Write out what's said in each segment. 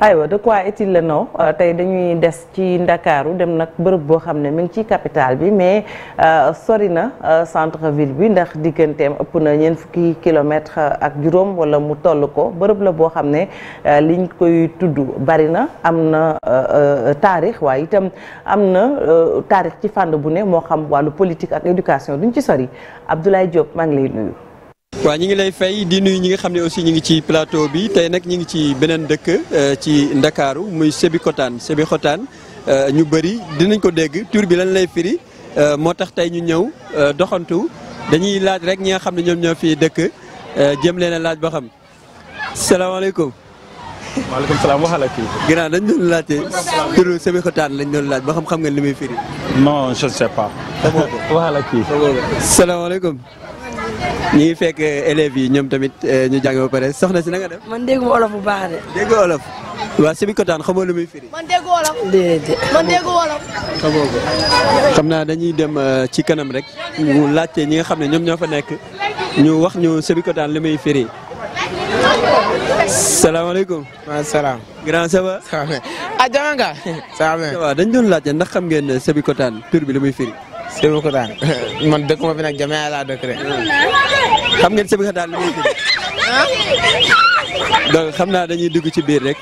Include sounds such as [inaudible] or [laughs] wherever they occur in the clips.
aywa de quoi est-il le nom euh, tey dañuy des ci ndakaaru dem nag bërëb boo xam ne mi ngi ci capital bi mais euh, sori na euh, centre ville bi ndax digganteem ëpp na ñeent fukki kilomètre ak juróom wala mu toll ko bërëb la boo xam ne liñ koy tudd bari na am na taarix waaye itam am na taarix ci fànn bu ne moo xam wàllu politique ak éducation duñ ci sori Abdoulaye Diop maa ngi lay nuyu. waaw ñi ngi lay fay di nuyu ñi nga xam ne aussi ñi ngi ci plateau bi tey nag ñi ngi ci beneen dëkk euh, ci Ndakaaru muy kotaan Sébikotane Sébikotane euh, ñu bëri dinañ ko dégg tur bi lan lay firi euh, moo tax tey ñu ñëw doxantu dañuy laaj rek ñi nga xam ne ñoom ñoo fi dëkk jëm leen a laaj ba xam salaamaaleykum. maaleykum salaam waxal ak kii. ginnaaw dañ doon laajte turu Sébikotane lañ doon laaj ba xam xam nga li muy firi. non je ne pas. waxal ak ñu ngi fekk élève yi ñoom tamit eh, ñu jàng ba pare soxna si na dem man déggu olof bu baax de. déggu olof waaw Sébikotane xamoo lu muy firi. man déggu olof. xamoo ko xam naa dañuy dem eh, ci kanam rek mu laajte ñi nga xam ne ñoom ñoo fa nekk ñu wax ñu Sébikotane lu muy firi. salaamaaleykum. wa salaam. grand ça va. ça ah, dañ doon laajte ndax xam ngeen Sébikotane tur bi lu muy firi. Sébikotane [laughs] man dëkk ma fi nag Jamiñay laa dëkk rek xam ngeen Sébikotane lu muy tudd donc xam naa dañuy dugg ci biir rek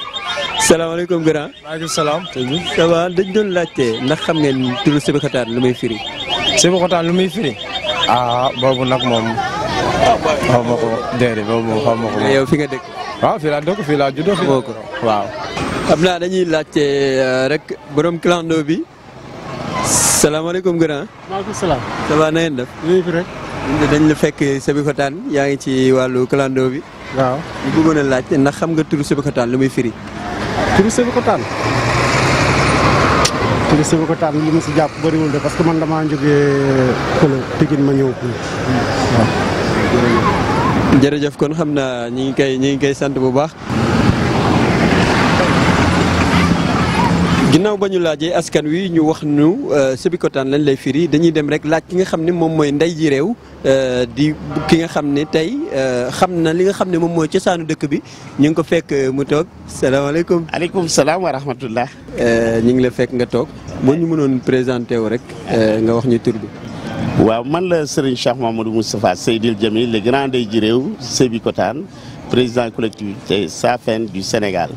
salaamaaleykum grand. maaleykum salaam. ça va dañ laajte ndax xam ngeen turu Sébikotane lu muy firi. Sébikotane lu muy firi. ah boobu nag moom xaw ma ko boobu moom xaw ma ko. fi nga dëkk. waaw fii dëkk fii laa fi nga waaw. xam naa dañuy laajte euh, rek borom clando salaamaaleykum grand. maaleykum salaam. ça va na ngeen def. ñu fi rek. dañ la fekk Sébikotane yaa ngi ci wàllu clando bi. waaw ñu bëggoon laaj ndax xam nga turu Sébikotane lu muy firi. turu Sébikotane. turu Sébikotane li ma si jàpp bëriwul de parce que man damaa jógee euh, kële Pikine ma ñëw fii waaw. kon xam naa ñi ngi koy ñi sant bu baax. ginnaaw ba ñu laajee askan wi ñu wax ñu euh, Sébikotane lañ lay firi dañuy dem rek laaj ki nga xam ni moom mooy ndey ji réew euh, di ki nga xam ne tey euh, xam na li nga xam ne moom mooy cosaanu dëkk bi ñu ngi ko fekk mu toog salaamaaleykum. aleykum salaam wa rahmatullah. ñu ngi la fekk nga toog boo ñu mënoon présenté wu rek nga wax ñu tur waaw man la Serigne Cheikh Mamadou Moustapha Seydil Jamil le grand ndey ji réew Sébikotane président collectivité Safen du Sénégal.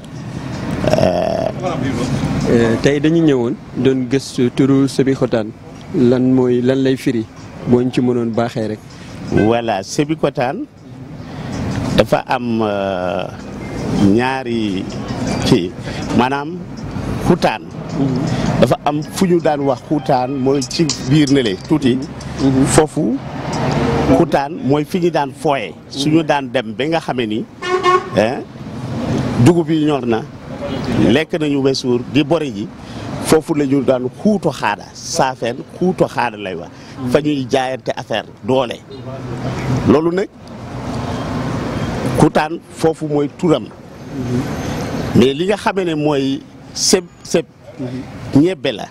Euh, tey dañu ñëwoon doon gëstu turu Sébikotane lan mooy lan lay firi boo ñu ci mënoon baaxee rek. voilà Sébikotane dafa am euh, ñaari ci maanaam xutaan. Mm-hmm. dafa am fu ñu daan wax xutaan mooy ci biir ne le tuuti. Mm-hmm. foofu xutaan mooy fi ñu daan fooye suñu mm-hmm. daan dem ba nga xame ni dugub yi ñor na. lekk nañu wesuur di bori ji foofu la ñu daan xuuto xaada saafeen xuuto xaada lay wa fa ñuy jaayante affaire doole loolu nag kutaan foofu mooy turam mais li nga xame ne mooy sëb sëb ñebbe la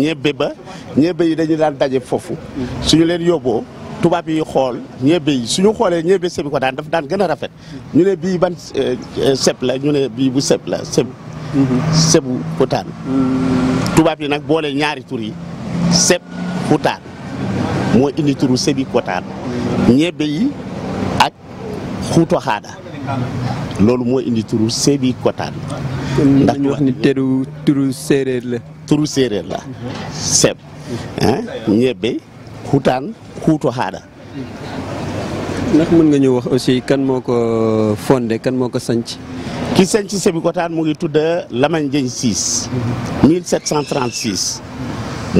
ñebbe ba ñebbe yi dañu daan daje foofu suñu leen yóbboo tubaab yi xool ñebe yi suñu xoolee ñebe sebi kotaan dafa daan gën a rafet ñu ne bii ban euh, seb la ñu ne bii bu seb la seb sebu putaan tubaab yi nag boole ñaari tur yi seb putaan moo indi tur sebi kotaan ñebe yi ak xuuto xaada loolu moo indi tur sebi kotaan ndax ñu wax ni turu turu séeréer la turu séeréer la hutaan huuto haaɗa ndax mën nga ñu wax aussi kan moo ko fonde kan moo ko sanc ki sanc Sébikotane mu ngi tudda Lamane Dieng Ciss 1736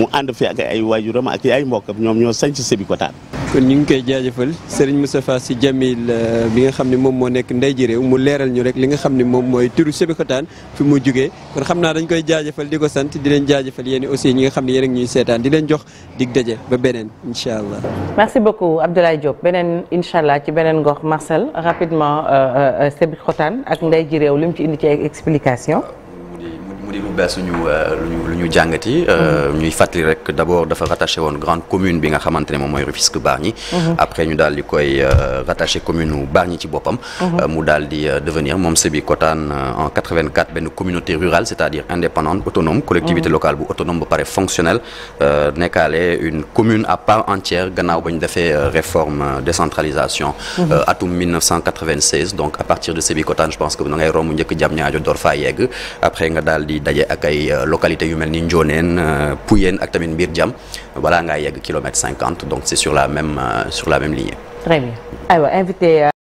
mu ànd fi ak ay waajuram ak ay mbokkam ñoom ñoo sanc Sébikotane kon ñu ngi koy jaajëfal Serigne Moustapha si Djamil euh, bi nga xam ne moom moo nekk ndey ji réew mu leeral ñu rek li nga xam ne moom mooy turu Sébikotane fi mu jugee kon xam naa dañ koy jaajëfal di ko sant di leen jaajëfal yéen aussi ñi nga xam ne yéen a ñuy seetaan di leen jox dig daje ba beneen incha allah. merci beaucoup Abdoulaye Diop beneen incha allah ci beneen ngox Marcel rapidement euh, euh, Sébikotane ak ndey ji réew li mu ci indi ci ay explication bees suñu euh, luñu lu ñu jàngati euh, mm-hmm. ñuy fàttali rek d'abord dafa rattaché woon grande commune bi nga xamante ne moom mooy Rufisque Bargny mm-hmm. après ñu daal di koy euh, rattaché commune u ci boppam mm-hmm. mu daal di devenir moom Sébikotane en benn communauté rurale c'est-à-dire indépendante autonome collectivité locale bu autonome ba pare fonctionnelle nekkaale une commune à part entière gannaaw ba ñu defee réforme décentralisation atum donc à partir de Sébikotane je pense que ak ay euh, localités yu mel ni Ndionène euh, Pouyen ak tamit Mbir Jam balaa ngaa yegg kilomètre cinquante donc c'est sur la même euh, sur la même lignée. très bien invité.